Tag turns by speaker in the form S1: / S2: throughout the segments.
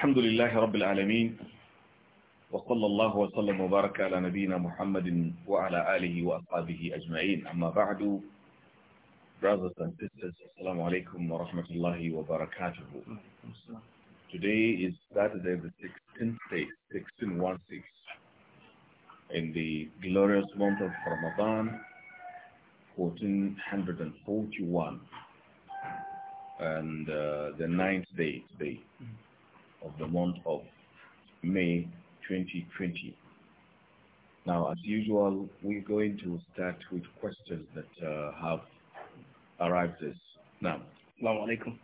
S1: الحمد لله رب العالمين وصلى الله وسلم وبارك على نبينا محمد وعلى آله وأصحابه أجمعين أما بعد brothers and sisters السلام عليكم ورحمة الله وبركاته Today is Saturday the 16th day 1616 in the glorious month of Ramadan 1441 and uh, the ninth day today of the month of May 2020. Now, as usual, we're going to start with questions that uh, have arrived us now.
S2: Assalamu alaikum.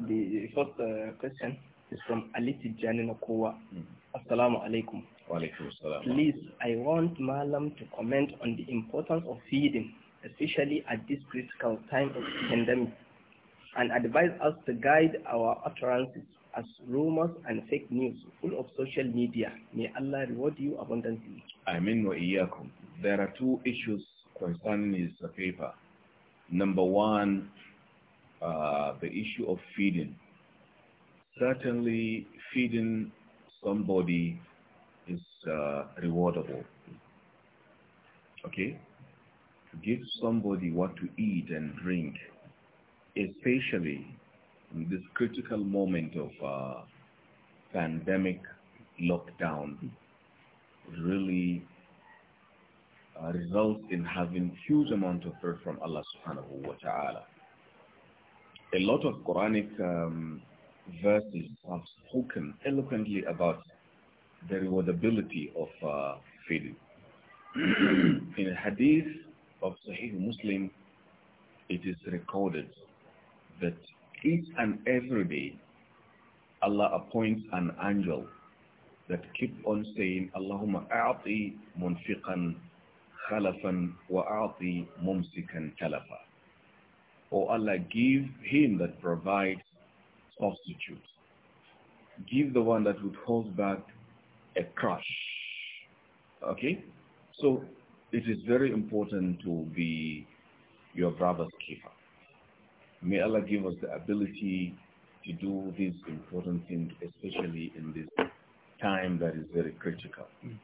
S2: The first uh, question is from Aliti Janinakowa. Mm. Assalamu alaikum. Wa alaikum assalam. Please, I want Malam to comment on the importance of feeding, especially at this critical time of pandemic, and advise us to guide our utterances as rumors and fake news full of social media. May Allah reward you abundantly.
S1: I mean, there are two issues concerning this paper. Number one, uh, the issue of feeding. Certainly, feeding somebody is uh, rewardable. Okay? To give somebody what to eat and drink, especially in this critical moment of uh, pandemic lockdown really uh, results in having huge amount of prayer from Allah subhanahu wa ta'ala. A lot of Quranic um, verses have spoken eloquently about the rewardability of uh, feeding. in a hadith of Sahih Muslim, it is recorded that each and every day, Allah appoints an angel that keep on saying, Allahumma a'ati munfiqan khalafan wa a'ati mumsikan kalafa. Or Allah, give him that provides substitute. Give the one that would hold back a crush. Okay? So it is very important to be your brother's keeper. May Allah give us the ability to do these important things, especially in this time that is very critical. Mm.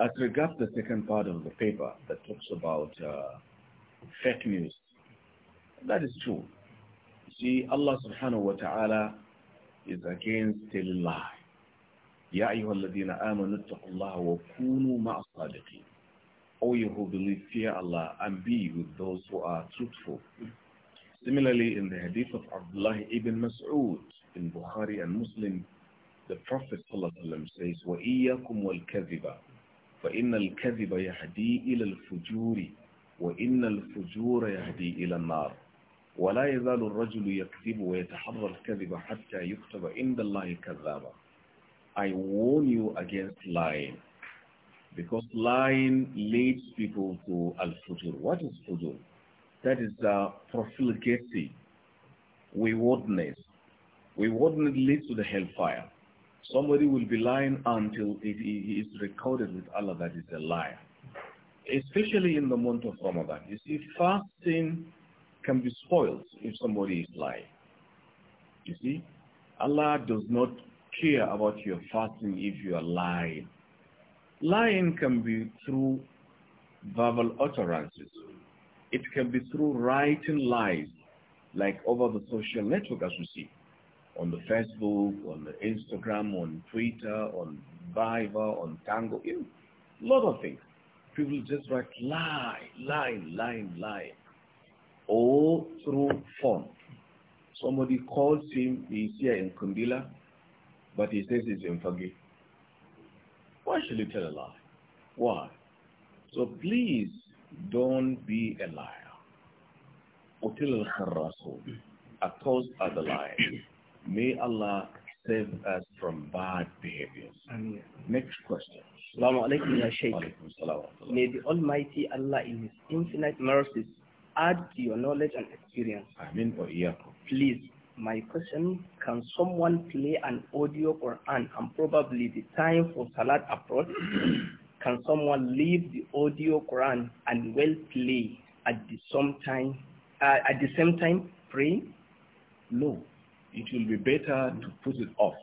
S1: As regards the second part of the paper that talks about uh, fake news, that is true. See, Allah subhanahu wa ta'ala is against telling lie. يا أيها الذين آمنوا اتقوا الله وكونوا مع الصادقين. O you who believe, fear Allah and be with those who are truthful. Similarly, in the hadith of Abdullah ibn Mas'ud in Bukhari and Muslim, the Prophet ﷺ says, وَإِيَّكُمْ وَالْكَذِبَ فَإِنَّ الْكَذِبَ يَهْدِي إِلَى الْفُجُورِ وَإِنَّ الْفُجُورَ يَهْدِي إِلَى النَّارِ ولا يزال الرجل يكذب ويتحرى الكذب حتى يكتب عند الله كذابا I warn you against lying because lying leads people to al-fujur. What is fujur? That is uh, profligacy, waywardness. Waywardness leads to the hellfire. Somebody will be lying until it is he is recorded with Allah that is a liar. Especially in the month of Ramadan. You see, fasting can be spoiled if somebody is lying. You see, Allah does not care about your fasting if you are lying. Lying can be through verbal utterances, it can be through writing lies, like over the social network as we see, on the Facebook, on the Instagram, on Twitter, on Viber, on Tango, you know, a lot of things. People just write lie, lie, lie, lie, all through phone. Somebody calls him, he's here in Kundila, but he says he's in Fagi. Why should he tell a lie? Why? So please don't be a liar. Util al-kharrasu. Accursed are the liars. May Allah save us from bad behaviors. Amen. Next question. Assalamu alaikum ya Shaykh.
S2: May the Almighty Allah in His infinite mercies add to your knowledge and experience. Amen. Please, my question, can someone play an audio Quran and probably the time for Salat approach? Can someone leave the audio Quran and well play at the same time, uh, at the same time pray? No, it will be better to put it off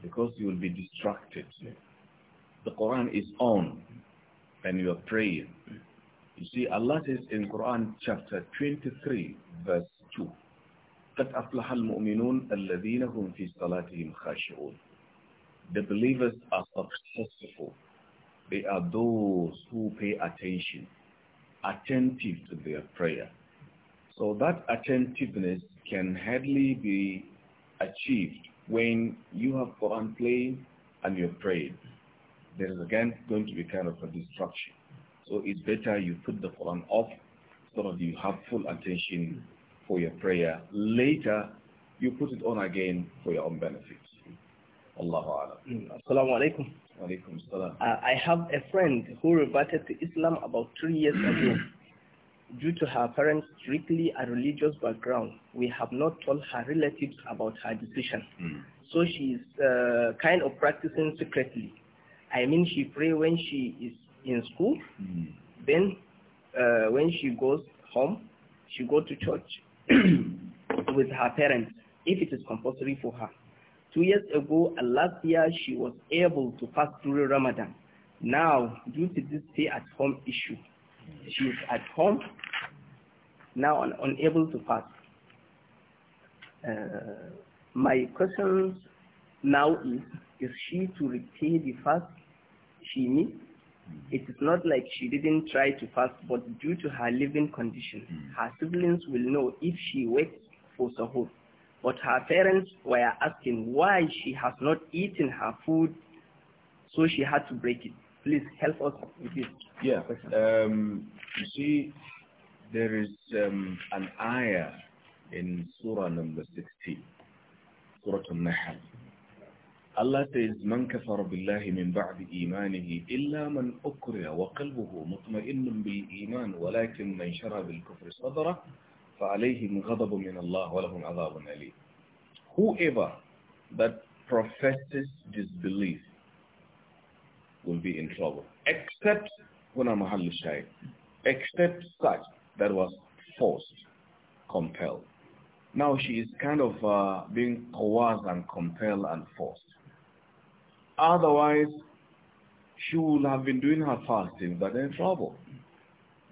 S1: because you will be distracted. The Quran is on and you are praying. You see, Allah says in Quran chapter 23, verse 2, قَدْ أَفْلَحَ الْمُؤْمِنُونَ الَّذِينَ هُمْ فِي صَلَاتِهِمْ خَاشِعُونَ the believers are successful. They are those who pay attention, attentive to their prayer. So that attentiveness can hardly be achieved when you have Quran playing and you're praying. There is again going to be kind of a distraction. So it's better you put the Quran off so that you have full attention for your prayer. Later, you put it on again for your own benefit. Allah hmm. Assalamu alaikum. Alaikum salam.
S2: Uh, I have a friend who reverted to Islam about three years ago. Due to her parents' strictly a religious background, we have not told her relatives about her decision. Mm. So she is uh, kind of practicing secretly. I mean, she pray when she is in school, mm. then uh, when she goes home, she go to church with her parents if it is compulsory for her. Two years ago and last year, she was able to fast during Ramadan. Now, due to this stay-at-home issue, she is at home, now un unable to fast. Uh, my question now is, is she to repay the fast she missed? It is not like she didn't try to fast, but due to her living condition, hmm. her siblings will know if she waits for support. But her parents were asking why she has not eaten her food, so she had to break it. Please help us with this.
S1: Yeah. Um, you see, there is um, an ayah in Surah number 16, Surah an nahl Allah says, من كفر بالله من بعد إيمانه إلا من أكره وقلبه مطمئن بالإيمان ولكن من شرى الكفر صدره فَعَلَيْهِمْ غَضَبٌ مِنَ اللَّهِ وَلَهُمْ عَذَابٌ أَلِيمٌ Whoever that professes disbelief will be in trouble. Except when I'm say, except such that was forced, compelled. Now she is kind of uh, being coerced and compelled and forced. Otherwise, she would have been doing her fasting, but in trouble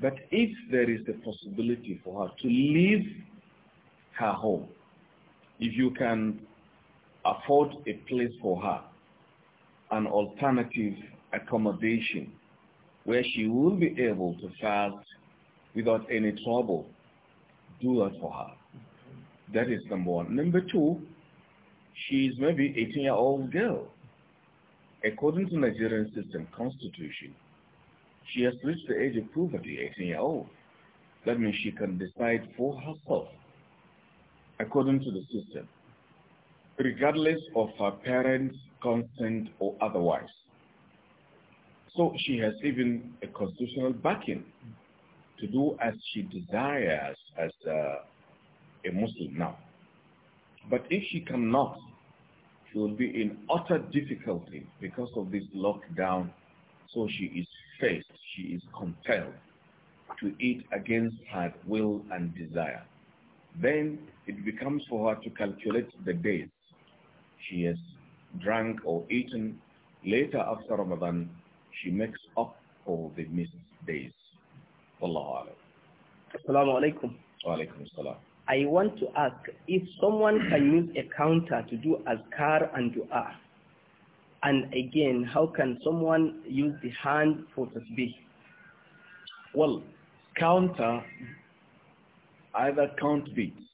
S1: that if there is the possibility for her to leave her home, if you can afford a place for her, an alternative accommodation where she will be able to fast without any trouble, do that for her. That is number one. Number two, she is maybe 18-year-old girl. According to Nigerian system constitution, she has reached the age of puberty, 18 years old. That means she can decide for herself according to the system, regardless of her parents' consent or otherwise. So she has even a constitutional backing to do as she desires as a, uh, a Muslim now. But if she cannot, she will be in utter difficulty because of this lockdown. So she is First, she is compelled to eat against her will and desire. Then it becomes for her to calculate the days she has drank or eaten. Later after Ramadan, she makes up for the missed
S2: days. Wallahu Assalamu alaikum. Wa alaikum I want to ask if someone can use a counter to do azkar and dua. And again, how can someone use the hand for tasbih? Well, counter either count beats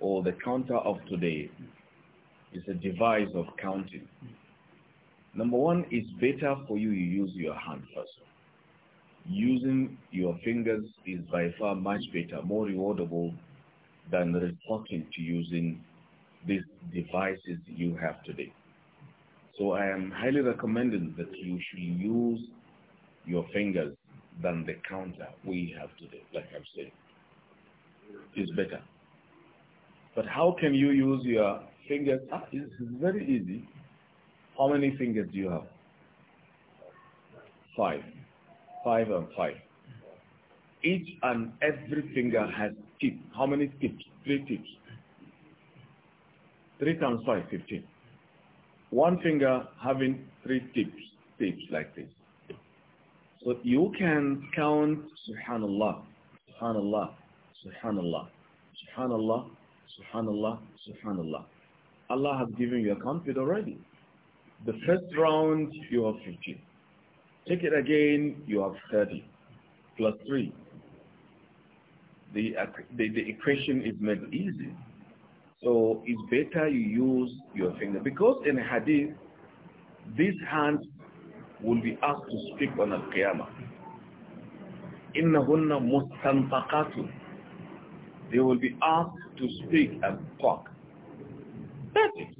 S1: or the counter of today is a device of counting. Number one, it's better for you you use your hand first. Using your fingers is by far much better, more rewardable than resorting to using these devices you have today. So I am highly recommending that you should use your fingers than the counter we have today, like I've said. It's better. But how can you use your fingers? Ah, it's very easy. How many fingers do you have? Five. Five and five. Each and every finger has tip. How many tips? Three tips. Three times five, fifteen one finger having three tips, tips like this. So you can count subhanallah, subhanallah, subhanallah, subhanallah, subhanallah, subhanallah. Allah has given you a comfort already. The first round, you have 15. Take it again, you have 30, plus 3. The, the, the equation is made easy. So it's better you use your finger. Because in hadith, these hands will be asked to speak on Al-Qiyamah. إِنَّهُنَّ مُسْتَنْفَقَاتٌ They will be asked to speak and talk. That's it.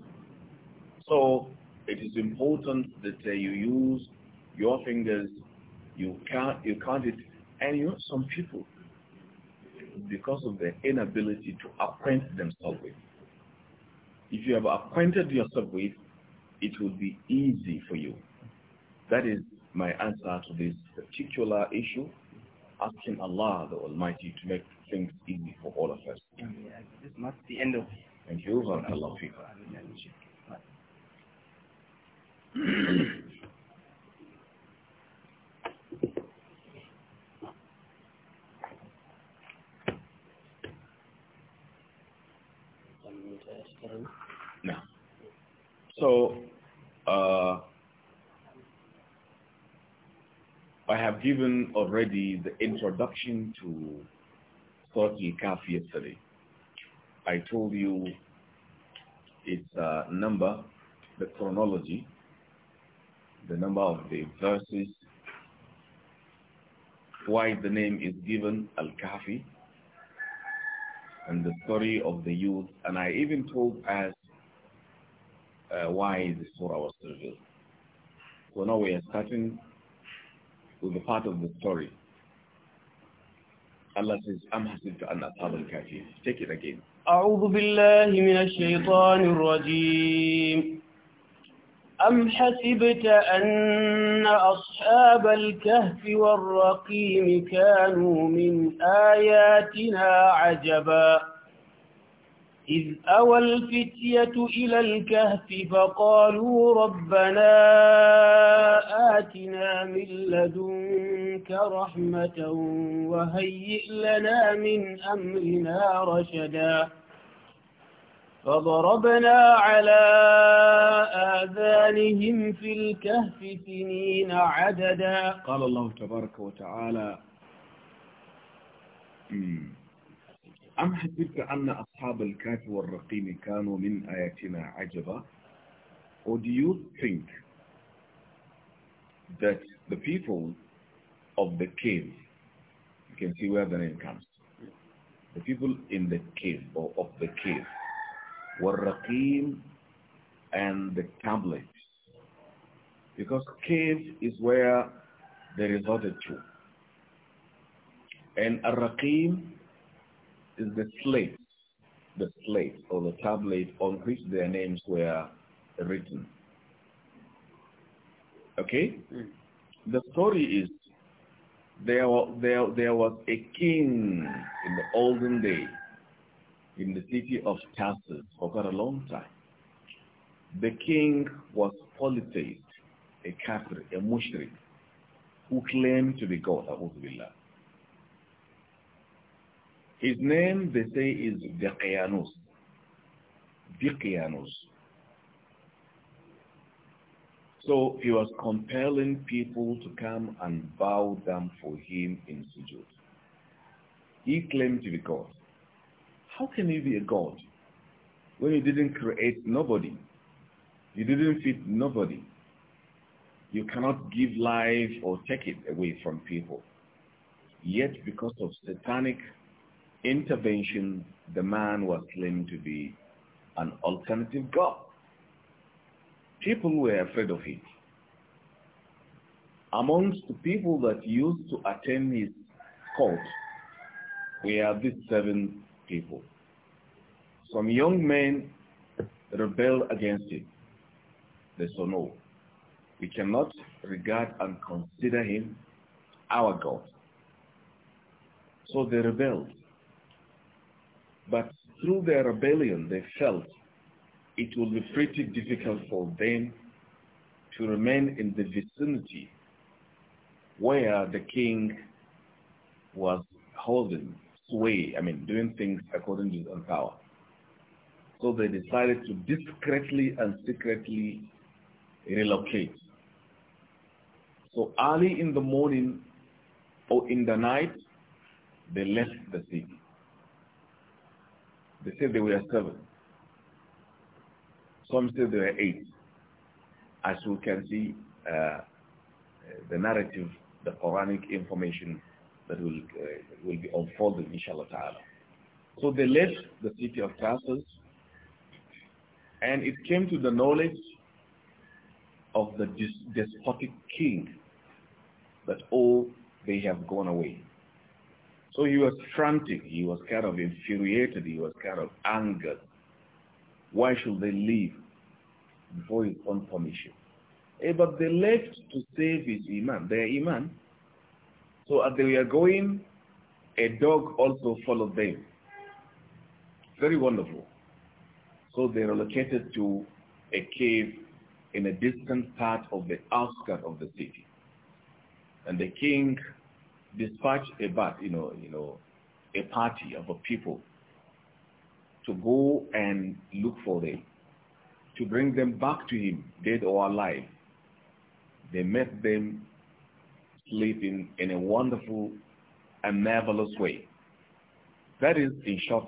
S1: So it is important that uh, you use your fingers, you count, you count it, and you know some people, because of their inability to acquaint themselves with if you have acquainted yourself with, it will be easy for you. That is my answer to this particular issue, asking Allah the Almighty to make things easy for all of us.
S2: This must be the end of it. Thank you, Allah Fika.
S1: Thank you. So, uh, I have given already the introduction to Surah Al-Kaf yesterday. I told you its uh, number, the chronology, the number of the verses, why the name is given al kafi and the story of the youth. And I even told us uh, why is this for our service. So now we are starting with the part of the story. Allah says, I'm asking to Allah, Kafir. Take
S3: it again. أعوذ بالله من الشيطان الرجيم أم حسبت أن أصحاب الكهف والرقيم كانوا من آياتنا عجباً إذ أوى الفتية إلى الكهف فقالوا ربنا آتنا من لدنك رحمة وهيئ لنا من أمرنا رشدا فضربنا على آذانهم في الكهف سنين عددا قال الله تبارك
S1: وتعالى أمم. أم حسبت أن أصحاب الكهف والرقيم كانوا من آياتنا عجبا Or do you think that the people of the cave, you can see where the name comes, the people in the cave or of the cave, were والرقيم and the tablets. Because cave is where they resorted to. And الرقيم is the slate, the slate or the tablet on which their names were written. Okay? Mm. The story is there, there, there was a king in the olden day in the city of Tarsus for quite a long time. The king was polytheist, a Catholic, a mushrik, who claimed to be God, Abu Billah. His name, they say, is Diqianus. Diqianus. So he was compelling people to come and bow down for him in sujood. He claimed to be God. How can you be a God when you didn't create nobody? You didn't feed nobody. You cannot give life or take it away from people. Yet because of satanic intervention, the man was claimed to be an alternative god. People were afraid of him. Amongst the people that used to attend his court were these seven people. Some young men rebelled against him. They said, no, we cannot regard and consider him our God. So they rebelled. But through their rebellion, they felt it will be pretty difficult for them to remain in the vicinity where the king was holding sway, I mean, doing things according to his own power. So they decided to discreetly and secretly relocate. So early in the morning or in the night, they left the city. They said they were seven. Some said they were eight. As we can see, uh, the narrative, the Quranic information that will uh, will be unfolded, inshallah ta'ala. So they left the city of Tarsus, and it came to the knowledge of the despotic king that all oh, they have gone away. So he was frantic. He was kind of infuriated. He was kind of angered. Why should they leave before his own permission? Eh, but they left to save his iman, their iman. So as they were going, a dog also followed them. Very wonderful. So they relocated to a cave in a distant part of the outskirts of the city. And the king dispatch a bat, you know, you know, a party of a people to go and look for them, to bring them back to him, dead or alive. They met them sleeping in a wonderful and marvelous way. That is, in short,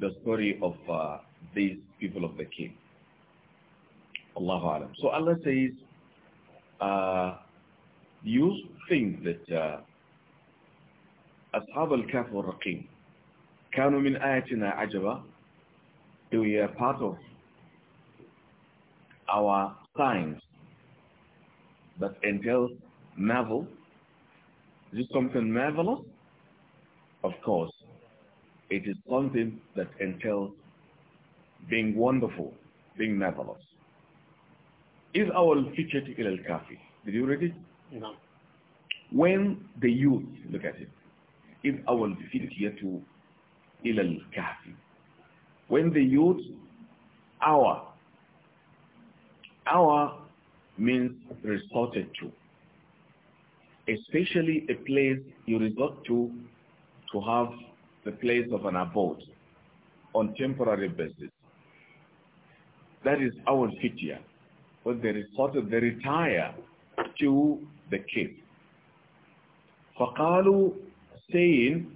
S1: the story of uh, these people of the king. Allahu Alam. So Allah says, uh, you think that uh, أصحاب الكهف والرقيم كانوا من آياتنا عجبا They were part of our signs that entails marvel. Is it something marvelous? Of course, it is something that entails being wonderful, being marvelous. Is our feature إلى الكافي? Did you read it? No. When the youth, look at it, إذ أول فتية إلى الكهف when the youth hour hour means resorted to especially a place you resort to to have the place of an abode on temporary basis that is our fitya when they resorted they retire to the cave فقالوا saying,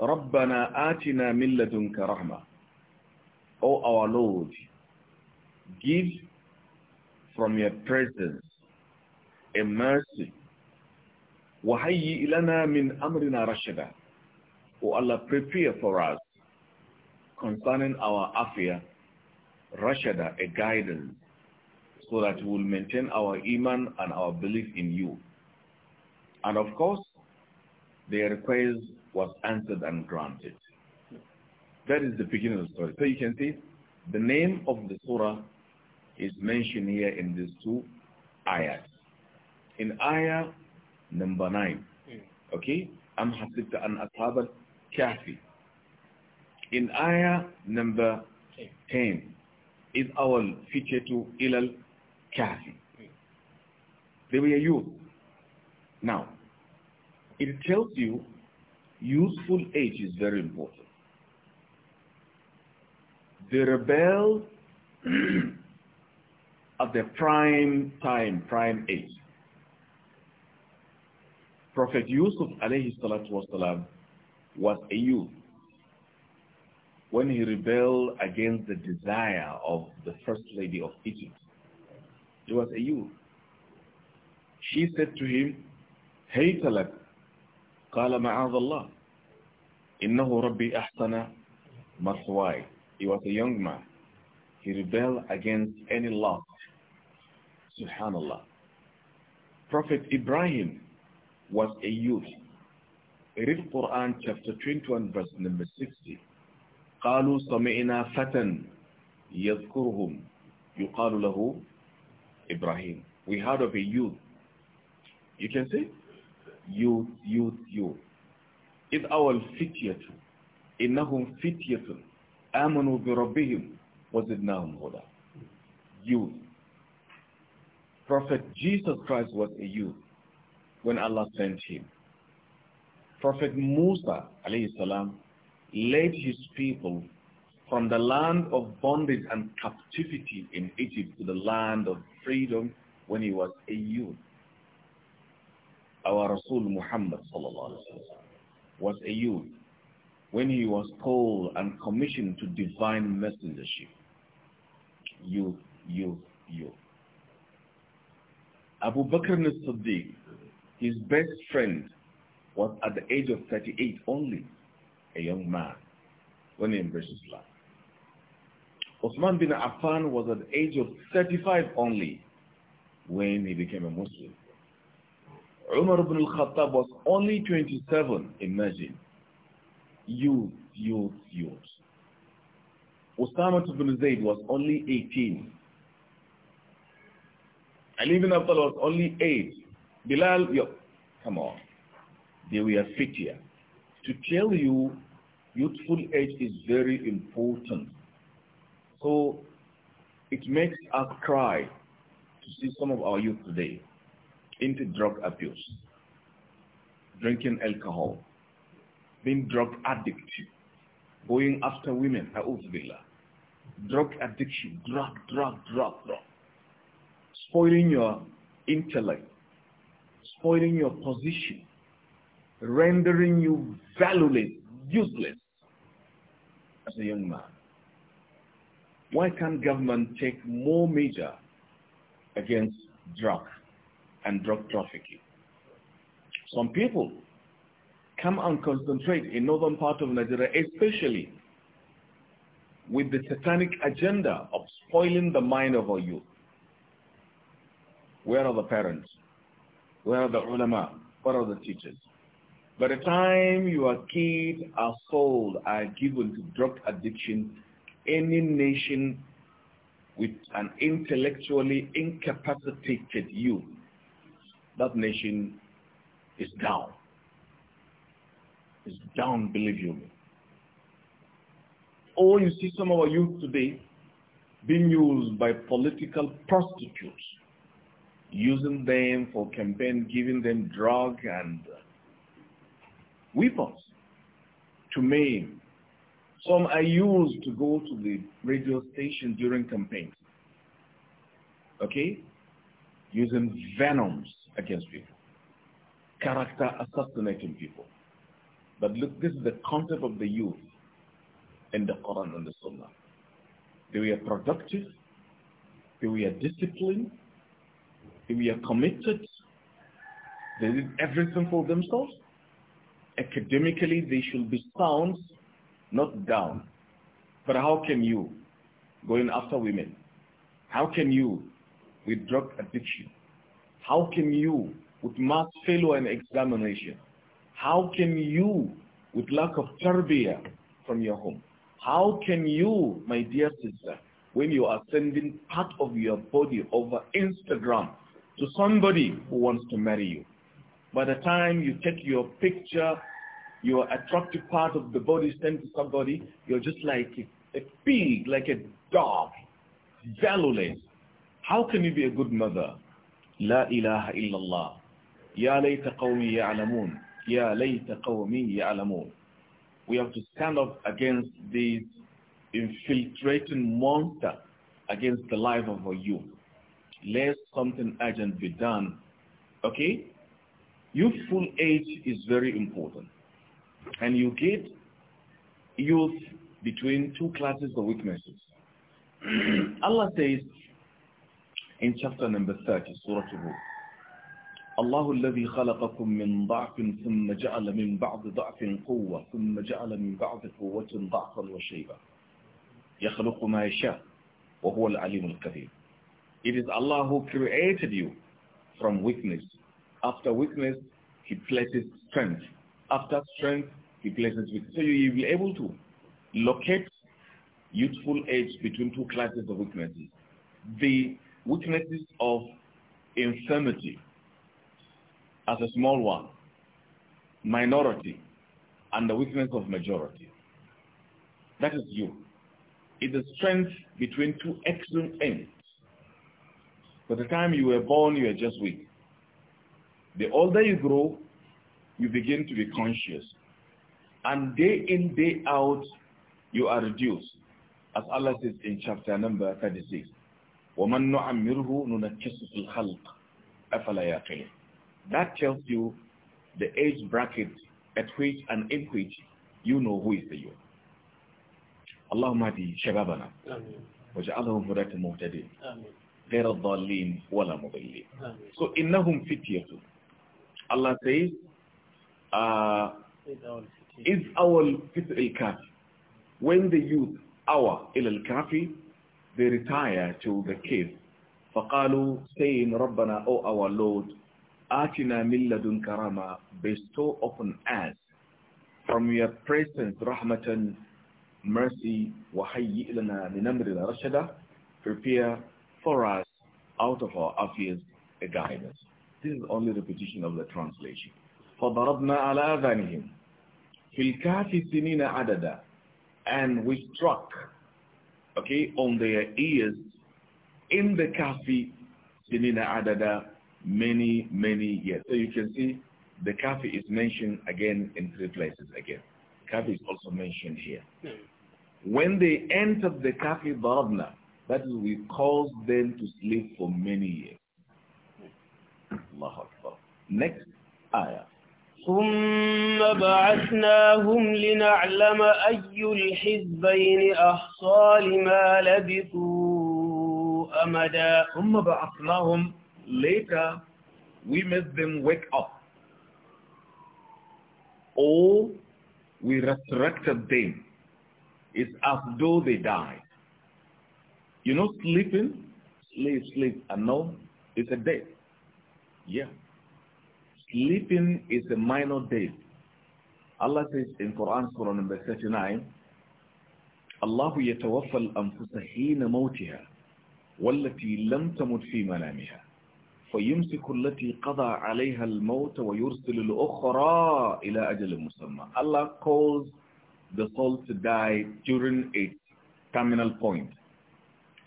S1: "Rabbana, a'tina milladunka rahma." O our Lord, give from your presence a mercy. وَهَيِّ إِلَنَا مِنْ أَمْرِنَا رَشَدًا O Allah, prepare for us concerning our affair, Rashada, a guidance, so that we will maintain our iman and our belief in you. And of course, their request was answered and granted. That is the beginning of the story. So you can see the name of the surah is mentioned here in these two ayahs. In ayah number 9, hmm. okay, أَمْ an أَنْ أَصْحَابَ الْكَافِ In ayah number 10, is our to ilal kafi. Hmm. They were youth. Now, it tells you useful age is very important. They rebel at the prime time, prime age. Prophet Yusuf alayhi salatu wasalam was a youth when he rebelled against the desire of the first lady of Egypt. He was a youth. She said to him, Hey Haytalak قال معاذ الله إنه ربي أحسن مثواي He was a young man. He rebelled against any law. Subhanallah. Prophet Ibrahim was a youth. Read Quran chapter 21 verse number 60. قالوا سمعنا فتى يذكرهم يقال له Ibrahim. We heard of a youth. You can see youth, youth, youth. إذ أول فتية إنهم فتية آمنوا بربهم وزدناهم هدى. Youth. Prophet Jesus Christ was a youth when Allah sent him. Prophet Musa salam, led his people from the land of bondage and captivity in Egypt to the land of freedom when he was a youth our Rasul Muhammad was a youth when he was called and commissioned to divine messengership. You, you, you. Abu Bakr al-Siddiq, his best friend, was at the age of 38 only a young man when he embraced Islam. Osman bin Affan was at the age of 35 only when he became a Muslim. Umar ibn al-Khattab was only 27, imagine. Youth, youth, youth. Usama ibn Zayd was only 18. Ali ibn Abdullah was only 8. Bilal, yo, come on. They were fit here. To tell you, youthful age is very important. So it makes us cry to see some of our youth today into drug abuse, drinking alcohol, being drug addict, going after women, A'udzubillah, drug addiction, drug, drug, drug, drug, spoiling your intellect, spoiling your position, rendering you valueless, useless as a young man. Why can't government take more measure against drugs? and drug trafficking. Some people come and concentrate in northern part of Nigeria, especially with the satanic agenda of spoiling the mind of our youth. Where are the parents? Where are the ulama? Where are the teachers? By the time your kids are sold, are given to drug addiction, any nation with an intellectually incapacitated youth that nation is down. It's down, believe you me. Or oh, you see some of our youth today being used by political prostitutes, using them for campaign, giving them drugs and uh, weapons to maim. Some are used to go to the radio station during campaigns. Okay? Using venoms against people, character assassinating people. But look, this is the concept of the youth in the Quran and the Sunnah. They were productive, they were disciplined, they were committed, they did everything for themselves. Academically, they should be sound, not down. But how can you, going after women, how can you with drug addiction? How can you, with mass failure and examination, how can you, with lack of tarbiyah from your home, how can you, my dear sister, when you are sending part of your body over Instagram to somebody who wants to marry you, by the time you take your picture, your attractive part of the body sent to somebody, you're just like a pig, like a dog, valueless. How can you be a good mother? لا إله إلا الله يا ليت قومي يعلمون يا ليت قومي يعلمون We have to stand up against this infiltrating monster against the life of our youth. Let something urgent be done. Okay? Youthful age is very important. And you get youth between two classes of weaknesses. Allah says, in chapter number 30, Surah Al-Ruh. الله الذي خلقكم من ضعف ثم جعل من بعض ضعف قوة ثم جعل من بعض قوة ضعفا وشيبا يخلق ما يشاء وهو العليم الكثير It is Allah who created you from weakness. After weakness, He places strength. After strength, He places weakness. So you will be able to locate youthful age between two classes of weaknesses. The witnesses of infirmity as a small one, minority, and the weakness of majority. That is you. It's a strength between two extreme ends. By the time you were born, you were just weak. The older you grow, you begin to be conscious. And day in, day out, you are reduced. As Allah says in chapter number 36. وَمَنْ نُعَمِّرْهُ فِي الْخَلْقِ أَفَلَا That tells you the age bracket at which and in which you know who is the you. اللهم اهدي شبابنا وجعلهم هداة مهتدين غير الضالين ولا مضلين So إنهم فتية Allah says uh, is our fit al-kafi when the youth our il al-kafi they retire to the cave. فَقَالُوا saying, رَبَّنَا O our Lord, آتِنَا مِن لَدُنْكَ رَحْمَةً Bestow upon us from your presence rahmatan mercy وَحَيِّئْ لَنَا مِنْ أَمْرِنَا رَشَدًا Prepare for us out of our affairs a guidance. This is only repetition of the translation. فَضَرَبْنَا عَلَى أَذَانِهِمْ فِي الْكَافِ سِنِينَ عَدَدًا And we struck okay, on their ears in the kafi sinina adada many, many years. So you can see the kafi is mentioned again in three places again. Kafi is also mentioned here. Mm. When they entered the kafi dharna, that is, we caused them to sleep for
S3: many years. Mm. Next ayah. ثم بعثناهم لنعلم أي الحزبين أحصى لما لبثوا أمدا ثم بعثناهم later we made them wake up
S1: or we resurrected them it's as though they died you know sleeping sleep sleep and no it's a death yeah sleeping is a minor deed. Allah says in Quran Surah number 39, Allah يتوفى الأنفس حين موتها والتي لم تمت في منامها فيمسك التي قضى عليها الموت ويرسل الأخرى إلى أجل مسمى Allah calls the soul to die during its terminal point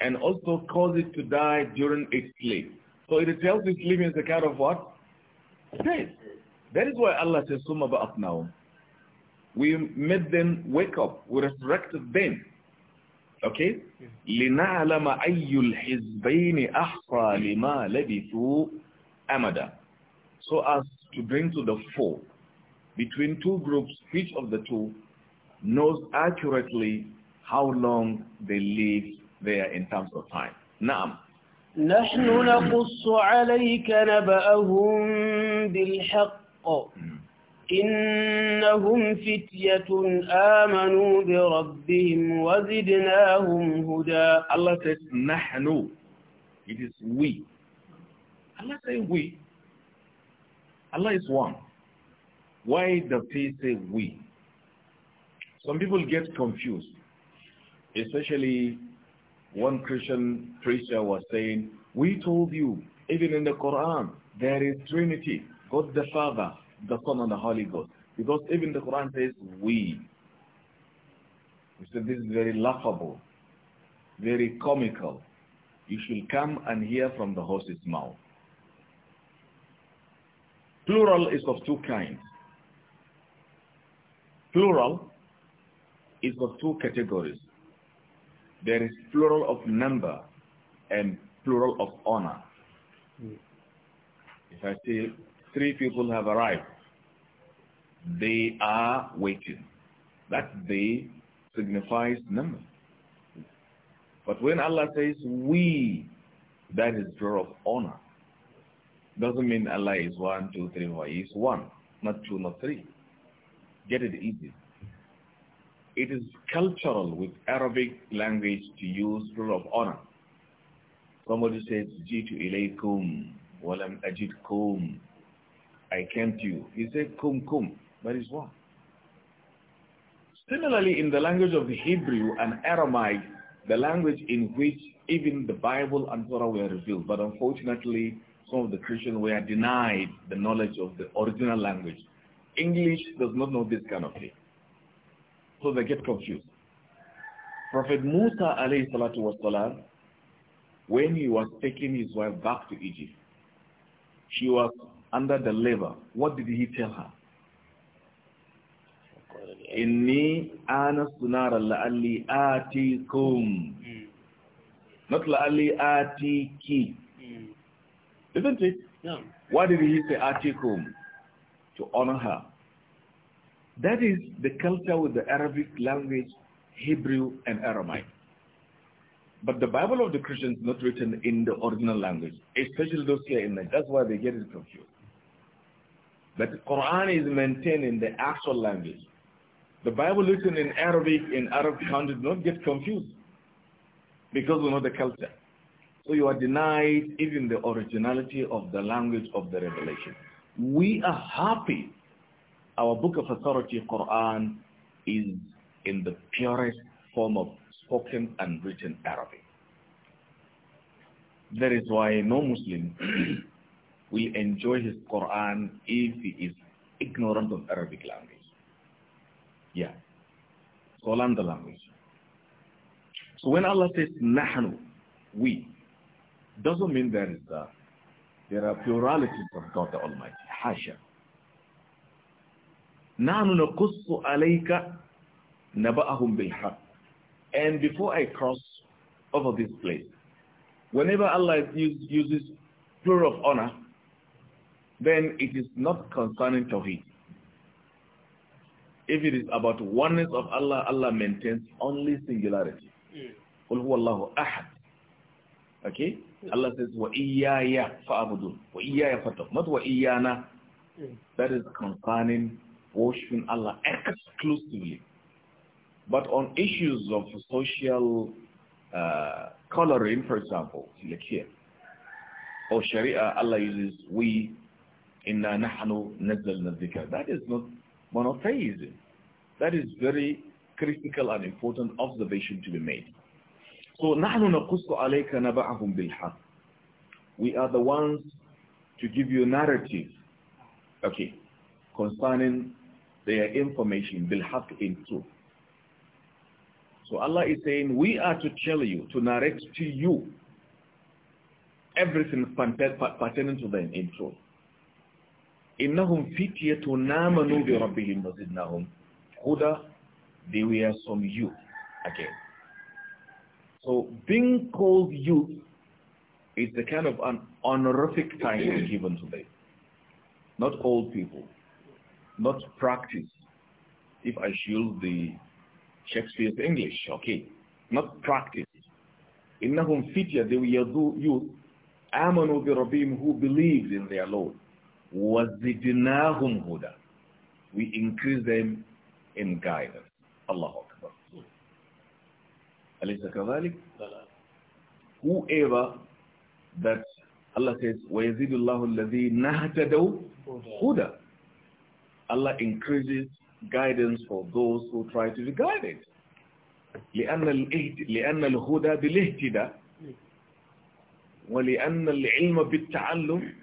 S1: and also cause it to die during its sleep. So it tells you sleep is a kind of what? Yes. That is why Allah says, Summa ba'atnahum. We made them wake up. We resurrected them. Okay? لِنَعْلَمَ أَيُّ الْحِزْبَيْنِ أَحْصَى لِمَا لَبِثُوا أَمَدًا So as to bring to the fore between two groups, each of the two knows accurately how long they live there in terms of time. نعم.
S3: نحن نقص عليك نبأهم بالحق إنهم فتية آمنوا بربهم وزدناهم هدى الله says نحن it is
S1: we Allah say we Allah is one why does he say we some people get confused especially one Christian preacher was saying, we told you, even in the Quran, there is Trinity, God the Father, the Son, and the Holy Ghost. Because even the Quran says, we. said this is very laughable, very comical. You should come and hear from the horse's mouth. Plural is of two kinds. Plural is of two categories. There is plural of number and plural of honor. Mm. If I say three people have arrived, they are waiting. That they signifies number. But when Allah says we, that is plural of honor. Doesn't mean Allah is one, two, three, four. He is one, not two, not three. Get it easy. It is cultural with Arabic language to use rule of honor. Somebody says, Jitu ilaykum, walam ajit kum. I came to you. He said, kum kum. That is what? Similarly, in the language of Hebrew and Aramaic, the language in which even the Bible and Torah were revealed, but unfortunately, some of the Christians were denied the knowledge of the original language. English does not know this kind of thing so they get confused. Prophet Musa alayhi salatu wasalam, when he was taking his wife back to Egypt, she was under the labor. What did he tell her? Inni anastu nara la'alli atikum. Hmm. Not la'alli atiki. Hmm. Isn't it? Yeah. Why did he say atikum? To honor her. That is the culture with the Arabic language, Hebrew, and Aramaic. But the Bible of the Christians is not written in the original language, especially those here in That's why they get it confused. But the Quran is maintained in the actual language. The Bible written in Arabic, in Arab countries, not get confused because we know the culture. So you are denied even the originality of the language of the revelation. We are happy our book of authority, Quran, is in the purest form of spoken and written Arabic. That is why no Muslim will enjoy his Quran if he is ignorant of Arabic language. Yeah. So learn the language. So when Allah says, Nahnu, we, doesn't mean there is a, there are pluralities of God the Almighty. Hasha. نَحْنُ نَقُصُّ عَلَيْكَ نَبَأَهُمْ بِالْحَقِّ And before I cross over this place, whenever Allah uses plural of honor, then it is not concerning Tawhid. If it is about oneness of Allah, Allah maintains only singularity. قُلْ هُوَ اللَّهُ أَحَدٍ Okay? Hmm. Allah says, وَإِيَّايَ فَأَبُدُونَ وَإِيَّايَ فَتَقْ Not وَإِيَّانَا hmm. That is concerning worshiping Allah exclusively. But on issues of social uh, coloring, for example, like here, or Sharia, Allah uses we, inna nahnu nazzal dhikr. That is not monotheism. That is very critical and important observation to be made. So نحن نقص عليك نبعهم بالحق. We are the ones to give you a narrative, okay, concerning their information bilhaq in truth. So Allah is saying, we are to tell you, to narrate to you everything pertaining to them in truth. إِنَّهُمْ فِتْيَةٌ آمَنُوا بِرَبِّهِمْ وَزِدْنَاهُمْ هُدَى They were some youth again. So being called youth is a kind of an honorific title given to them. Not old people, not practice. If I use the Shakespeare's English, okay, not practice. Innahum fitya They were youth, آمَنُوا بِرَبِّهِمْ Who believed in their Lord. وَزِدْنَاهُمْ huda. We increase them in guidance. Allah Akbar. أَلَيْسَ كَذَلِكَ Whoever that Allah says, وَيَزِدُ اللَّهُ الَّذِي نَهْتَدَوْا هُدًى Allah increases guidance for those who try to be guided. لأن الهدى بالاهتداء ولأن العلم بالتعلم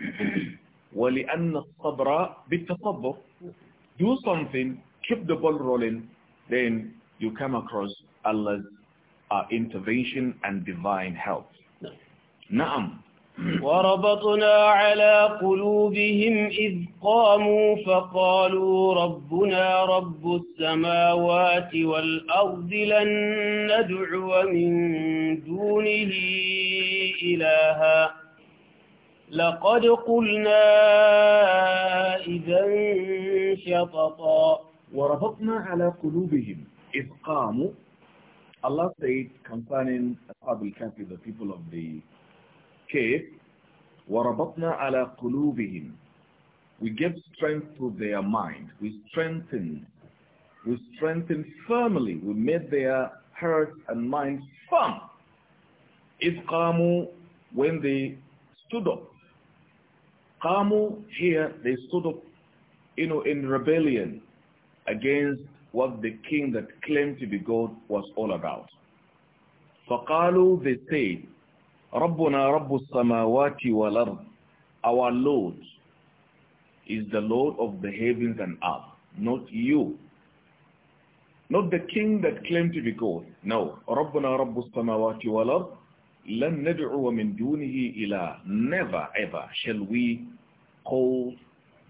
S1: ولأن الصبر بالتصبر Do something, keep the ball rolling, then you come across Allah's
S3: uh, intervention
S1: and divine help. نعم
S3: وربطنا على قلوبهم إذ قاموا فقالوا ربنا رب السماوات والأرض لن ندعو من دونه إلها لقد قلنا إذا شططا وربطنا على قلوبهم إذ قاموا
S1: الله سيد concerning Ashab al the people of the We gave strength to their mind. We strengthened. We strengthened firmly. We made their hearts and minds firm. If Qamu, When they stood up. Qamu Here they stood up, you know, in rebellion against what the king that claimed to be God was all about. فَقَالُوا They said, رَبُّنَا رَبُّ السَّمَاوَاتِ وَالْأَرْضِ Our Lord is the Lord of the heavens and earth, not you. Not the king that claimed to be God. No. رَبُّنَا رَبُّ السَّمَاوَاتِ وَالْأَرْضِ لَن نَدْعُوَ مِن دُونِهِ إِلَىٰ Never ever shall we call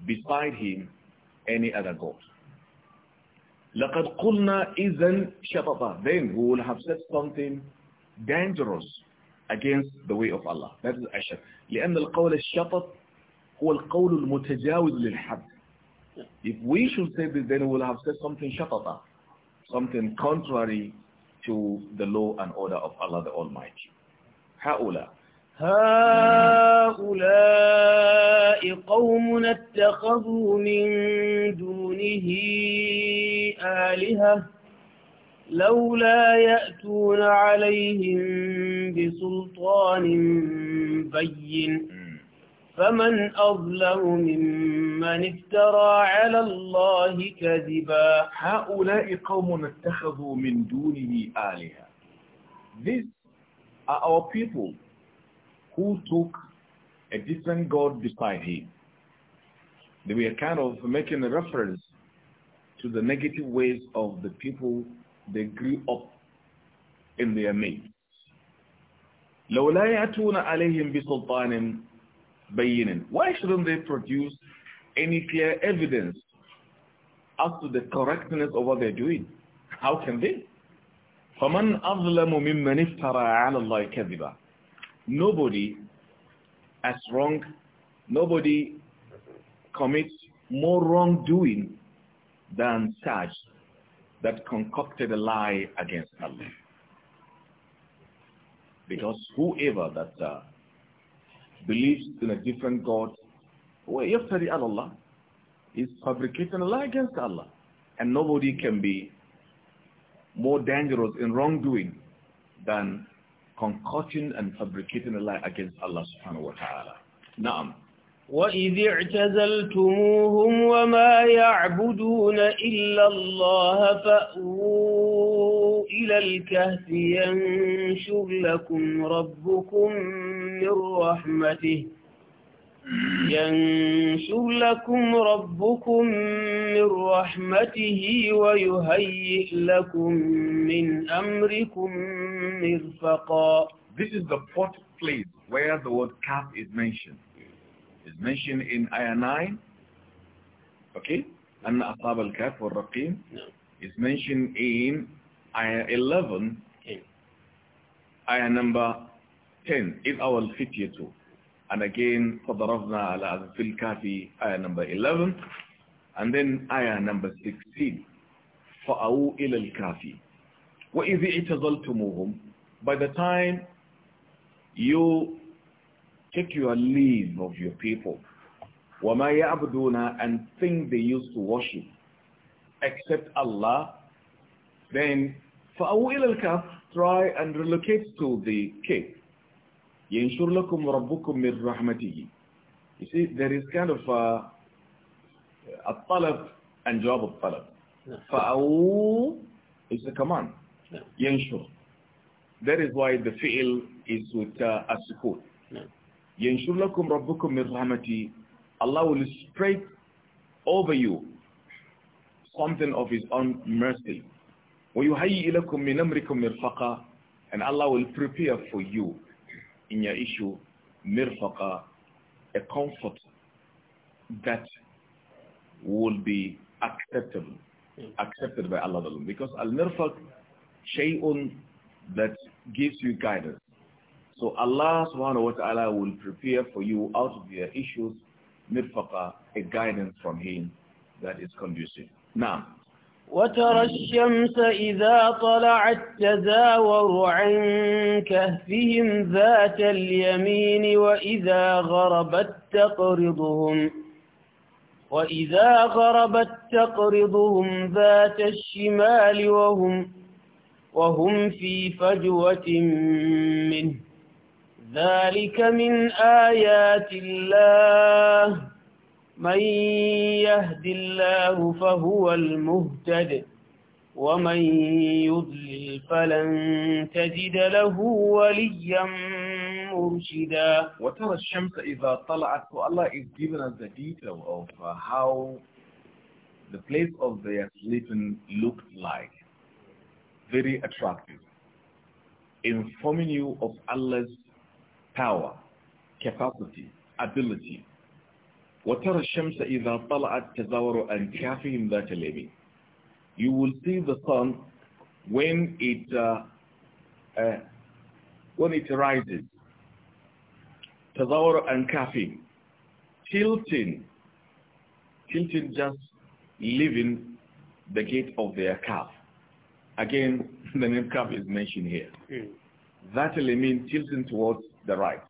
S1: beside him any other God. لَقَدْ قُلْنَا إِذًا شَطَطًا Then we will have said something dangerous against the way of Allah. That is ashar. لأن القول الشطط هو القول المتجاوز للحد. If we should say this, then we will have said something shatata, something contrary to the law and order of Allah the Almighty. هؤلاء
S3: هؤلاء قوم اتخذوا من دونه آلهة لولا يأتون عليهم بسلطان بين فمن أظلم ممن افترى على الله كذبا هؤلاء قوم اتخذوا من دونه
S1: آلهة These are our people who took a different God beside him. They were kind of making a reference to the negative ways of the people they grew up in their midst. يَأْتُونَ عَلَيْهِمْ بِسُلْطَانٍ بَيِّنٍ Why shouldn't they produce any clear evidence as to the correctness of what they're doing? How can they? فَمَنْ أَظْلَمُ مِمَّنِ افْتَرَى عَلَى اللَّهِ كَذِبًا Nobody as wrong, nobody commits more wrongdoing than such that concocted a lie against Allah. Because whoever that uh, believes in a different God, وَيَفْتَرِي عَلَى Allah, is fabricating a lie against Allah. And nobody can be more dangerous in wrongdoing than concocting and fabricating a lie against Allah subhanahu wa
S3: ta'ala. Naam. وَإِذِ اعْتَزَلْتُمُوهُمْ وَمَا يَعْبُدُونَ إِلَّا اللَّهَ فَأْوُوا إلى الكهف ينشر لكم ربكم من رحمته ينشر لكم ربكم من رحمته ويهيئ لكم من أمركم مرفقا This is the fourth place where the word calf is
S1: mentioned. It's mentioned in ayah 9. Okay? أن أصاب الكهف والرقيم. No. It's mentioned in ayah 11, okay. ayah number 10, إِذْ our fifty-two, And again, فَضَرَفْنَا the أَذْفِ I ayah number 11, and then ayah number 16, فَأَوُوا it is all وَإِذِ اِتَظَلْتُمُوهُمْ By the time you take your leave of your people, وَمَا يَعْبُدُونَ And think they used to worship, except Allah, then, فَأَوْ إِلَى الْكَفْ Try and relocate to the cave. يَنْشُرْ لَكُمْ رَبُّكُمْ مِنْ رَحْمَتِهِ You see, there is kind of a, a talab and job of talab. فَأَوْ is a command. يَنْشُرْ That is why the fi'il is with uh, a sukun. يَنْشُرْ لَكُمْ رَبُّكُمْ مِنْ رَحْمَتِهِ Allah will spread over you something of his own mercy. وَيُهَيِّ إِلَكُمْ مِنْ أَمْرِكُمْ مِرْفَقًا And Allah will prepare for you in your issue mirfaqa, a comfort that will be acceptable, accepted by Allah alone. Because al-mirfaq, shay'un that gives you guidance. So Allah subhanahu wa ta'ala will prepare for you out of your issues, mirfaqa, a guidance from Him that is conducive.
S3: Now, وترى الشمس إذا طلعت تزاور عن كهفهم ذات اليمين وإذا غربت تقرضهم وإذا غربت تقرضهم ذات الشمال وهم وهم في فجوة منه ذلك من آيات الله من يهد الله فهو المهتد ومن يضلل فلن تجد له وليا مرشدا وترى الشمس إذا طلعت فالله is given us the detail of how
S1: the place of their sleeping looked like very attractive informing you of Allah's power capacity ability وَتَرَى الشَّمْسَ إِذَا طَلَعَتْ تَزَوَرُ كَافِهِمْ ذَاتَ الْيَمِينِ You will see the sun when it, uh, uh, when it rises. تَزَوَرُ and كَافِهِمْ Tilting, tilting just leaving the gate of their calf. Again, the name calf is mentioned here. Mm. That will mean tilting towards the right.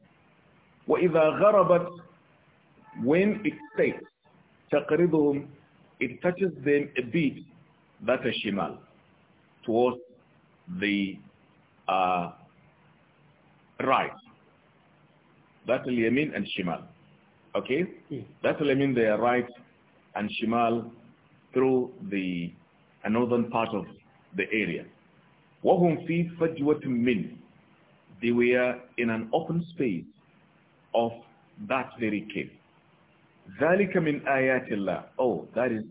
S1: وَإِذَا غَرَبَتْ when it states, تَقْرِضُهُمْ It touches them a bit, that is shimal, towards the uh, right. That will yamin and shimal. Okay? Mm. That will yamin right and shimal through the uh, northern part of the area. وَهُمْ فِي فَجْوَةٍ مِّنْ They were in an open space of that very cave. ذَلِكَ مِنْ آيَاتِ اللَّهِ Oh, that is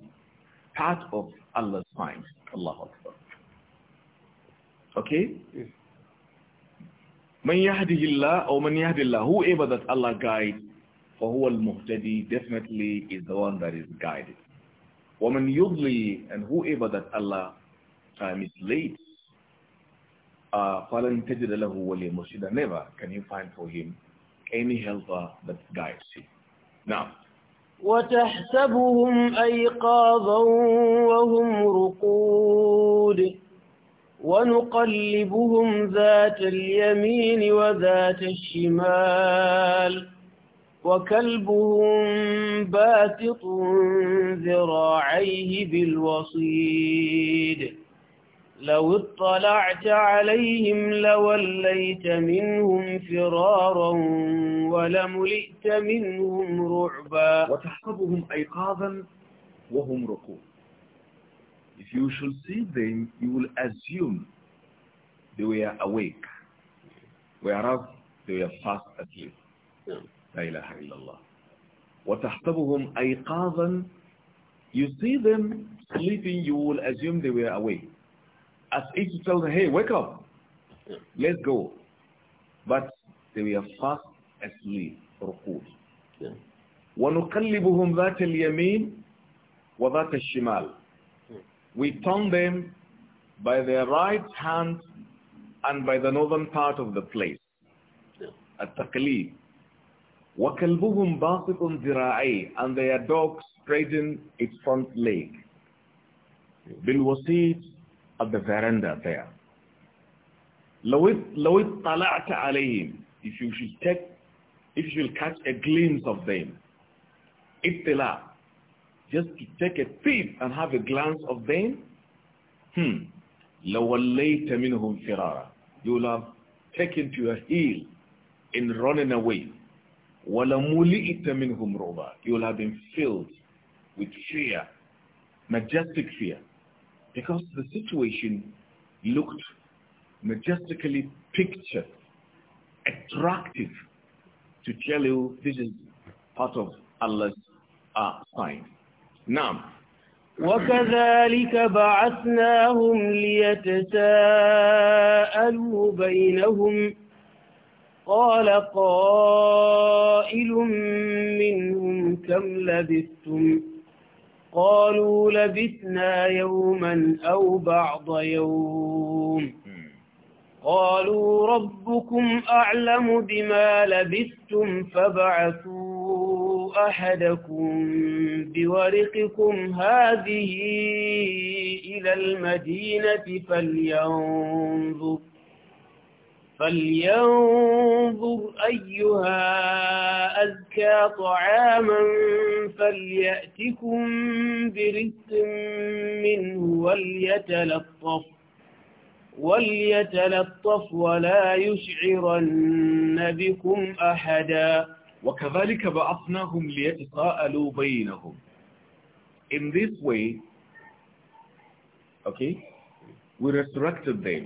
S1: part of Allah's signs. Allah Akbar. Okay? مَنْ يَهْدِهِ اللَّهِ or مَنْ يَهْدِ اللَّهِ Whoever that Allah guides, فَهُوَ الْمُهْتَدِي definitely is the one that is guided. وَمَنْ يُضْلِي and whoever that Allah uh, misleads, uh, فَلَنْ تَجِدَ لَهُ وَلِيَ مُرْشِدًا Never can you find for him any helper that guides him. Now,
S3: وتحسبهم أيقاظا وهم رقود ونقلبهم ذات اليمين وذات الشمال وكلبهم باسط ذراعيه بالوصيد لو اطلعت عليهم لوليت منهم فرارا ولملئت منهم رعبا وتحسبهم أيقاظا وهم رقوب
S1: If you should see them, you will assume they were awake, whereas they were fast asleep. لا إله إلا الله وتحسبهم أيقاظا You see them sleeping, you will assume they were awake. as if to tell them, hey, wake up, let's go. But they were fast asleep, or Yeah. ونقلبهم ذات اليمين وذات الشمال. We turn them by their right hand and by the northern part of the place. At وكلبهم باسط and their dog spreading its front leg. بالوسيط at the veranda there. لَوِطْ طَلَعْتَ عَلَيْهِمْ If you should take, if you should catch a glimpse of them. اطلاع Just to take a peep and have a glance of them. Hmm. لَوَلَّيْتَ مِنْهُمْ فِرَارًا You will have taken to your heel in running away. وَلَمُلِئِتَ مِنْهُمْ رُعْبًا You will have been filled with fear, majestic fear. Because the situation looked majestically pictured, attractive to tell you this is part of Allah's uh, sign. Now,
S3: وكذلك بعثناهم ليتساءلوا بينهم قال قائل منهم كم لبثتم قالوا لبثنا يوما أو بعض يوم قالوا ربكم أعلم بما لبثتم فابعثوا أحدكم بورقكم هذه إلى المدينة فلينظر فلينظر أيها أزكى طعاما فليأتكم برزق منه وليتلطف وليتلطف ولا يشعرن بكم أحدا
S1: وكذلك بعثناهم ليتساءلوا بينهم In this way, okay, we resurrected them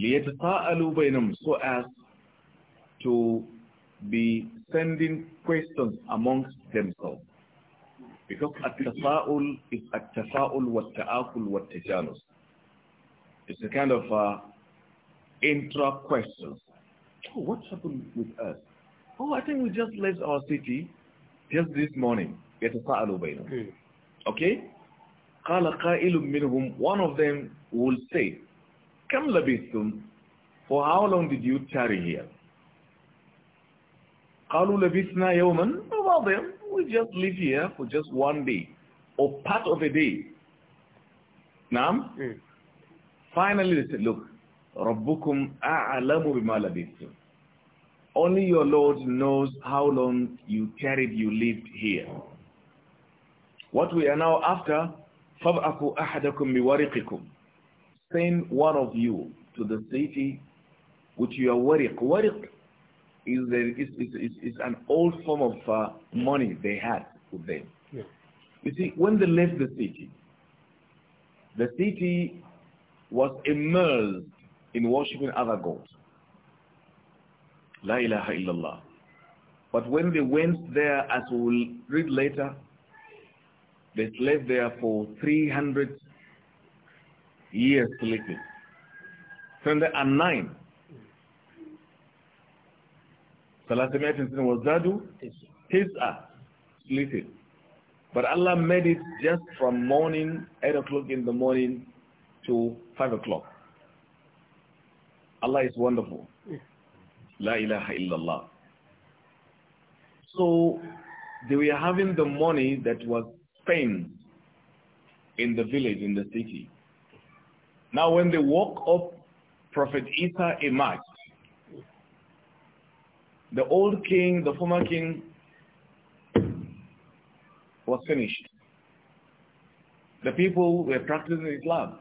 S1: لِيَتَسَاءَلُوا بَيْنَهُمْ So as to be sending questions amongst themselves. Because at-tasa'ul is at-tasa'ul wa-ta'akul wa-tajalus. It's a kind of a uh, intra-questions. Oh, what happened with us? Oh, I think we just left our city just this morning. يَتَسَاءَلُوا بَيْنَهُمْ Okay? قَالَ قَائِلٌ مِّنْهُمْ One of them will say, Kam labithum, for how long did you tarry here? قالوا لبثنا يوما we just live here for just one day or part of a day نعم finally they said look ربكم أعلم بما لبثتم only your Lord knows how long you carried you lived here what we are now after أحدكم بورقكم send one of you to the city which you are wariq. Wariq is, a, is, is, is an old form of uh, money they had with them. Yeah. You see, when they left the city, the city was immersed in worshipping other gods. La ilaha illallah. But when they went there, as we will read later, they slept there for 300 years sleeping. Sunday at 9. Salatamatin was Zadu, Tis'a, sleeping. But Allah made it just from morning, 8 o'clock in the morning to 5 o'clock. Allah is wonderful. La ilaha illallah. So they were having the money that was spent in the village, in the city. Now when they woke up, Prophet Isa emerged. The old king, the former king, was finished. The people were practicing Islam.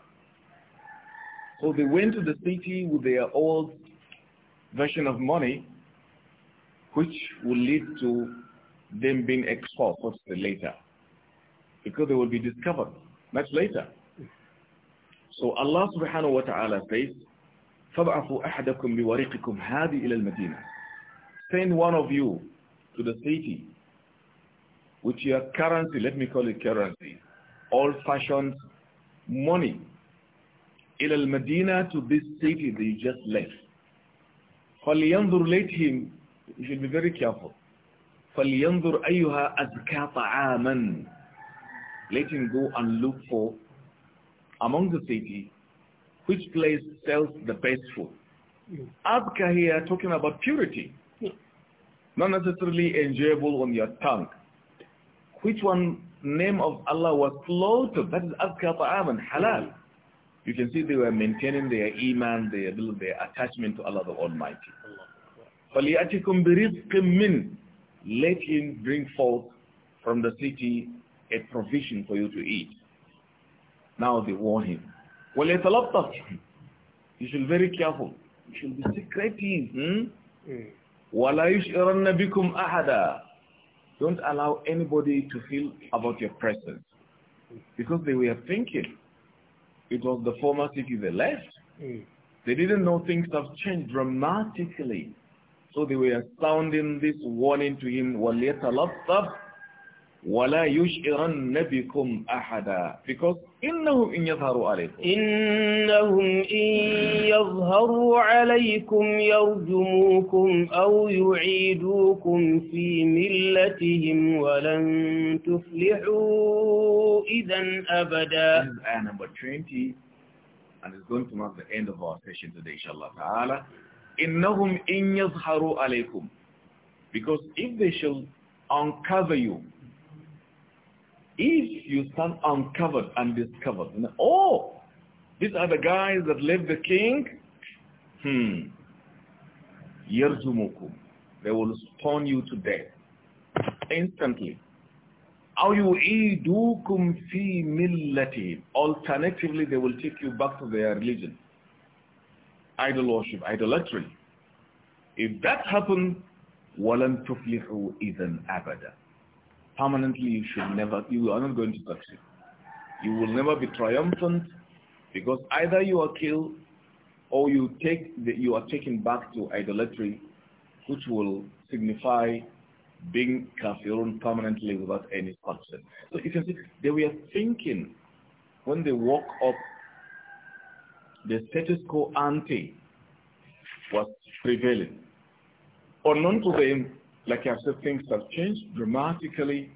S1: So they went to the city with their old version of money, which will lead to them being exposed later, because they will be discovered much later. So Allah subhanahu wa ta'ala says, أَحَدَكُمْ بِوَرِقِكُمْ هَذِي إِلَى Send one of you to the city with your currency, let me call it currency, old-fashioned money, إِلَى المدينة to this city that you just left. فَلْيَنْظُرْ لَيْتِهِمْ You should be very careful. فَلْيَنْظُرْ أَيُّهَا أَذْكَى طَعَامًا Let him go and look for among the city which place sells the best food. Adhkar hmm. here talking about purity, hmm. not necessarily enjoyable on your tongue. Which one name of Allah was slaughtered? That is Adhkar Ta'aman, halal. You can see they were maintaining their iman, their, their attachment to Allah the Almighty. فَلِيَأْتِكُمْ بِرِزْقٍ مِّنْ Let him bring forth from the city a provision for you to eat. Now they warn him. Well, it's a lot of You should be very careful. You should be secretive. Hmm? Mm. أَحَدًا Don't allow anybody to feel about your presence. Because they were thinking it was the former city they left. Mm. They didn't know things have changed dramatically. So they were sounding this warning to him, وَلْيَتَلَطَّفْ ولا يشعرن بكم أحدا because إنهم إن يظهروا عليكم
S3: إنهم إن يظهروا عليكم يرجموكم أو يعيدوكم في ملتهم ولن تفلحوا إذا أبدا This is ayah number 20
S1: and it's going to mark the end of our session today inshallah ta'ala إنهم إن يظهروا عليكم because if they shall uncover you If you stand uncovered and discovered, you know, oh, these are the guys that left the king, hmm, يَرْجُمُكُمْ They will stone you to death instantly. أَوْ يُعِيدُوكُمْ فِي Alternatively, they will take you back to their religion. Idol worship, idolatry. If that happens, وَلَن تُفْلِحُوا إِذًا أَبَدًا permanently you should never, you are not going to succeed. You will never be triumphant because either you are killed or you take the, you are taken back to idolatry, which will signify being kafirun permanently without any function. So you can see they were thinking when they woke up, the status quo ante was prevailing. Unknown to them, like I said, things have changed dramatically,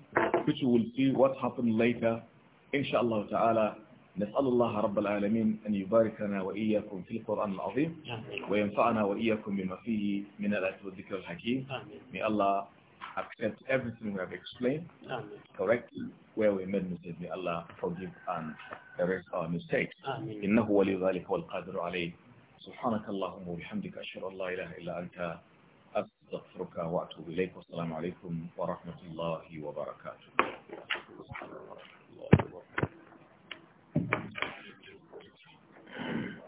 S1: which we will see what happened later. Inshallah ta'ala, نسأل الله رب العالمين أن يباركنا وإياكم في القرآن العظيم وينفعنا وإياكم بما فيه من الآيات والذكر الحكيم May Allah accept everything we have explained correctly where we made mistakes may Allah forgive and erase our mistakes إنه ولي ذلك والقادر عليه سبحانك اللهم وبحمدك أشهد أن لا إله إلا أنت أستغفرك وأتوب إليك والسلام عليكم ورحمة الله وبركاته
S3: الله أيوة.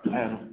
S3: وبركاته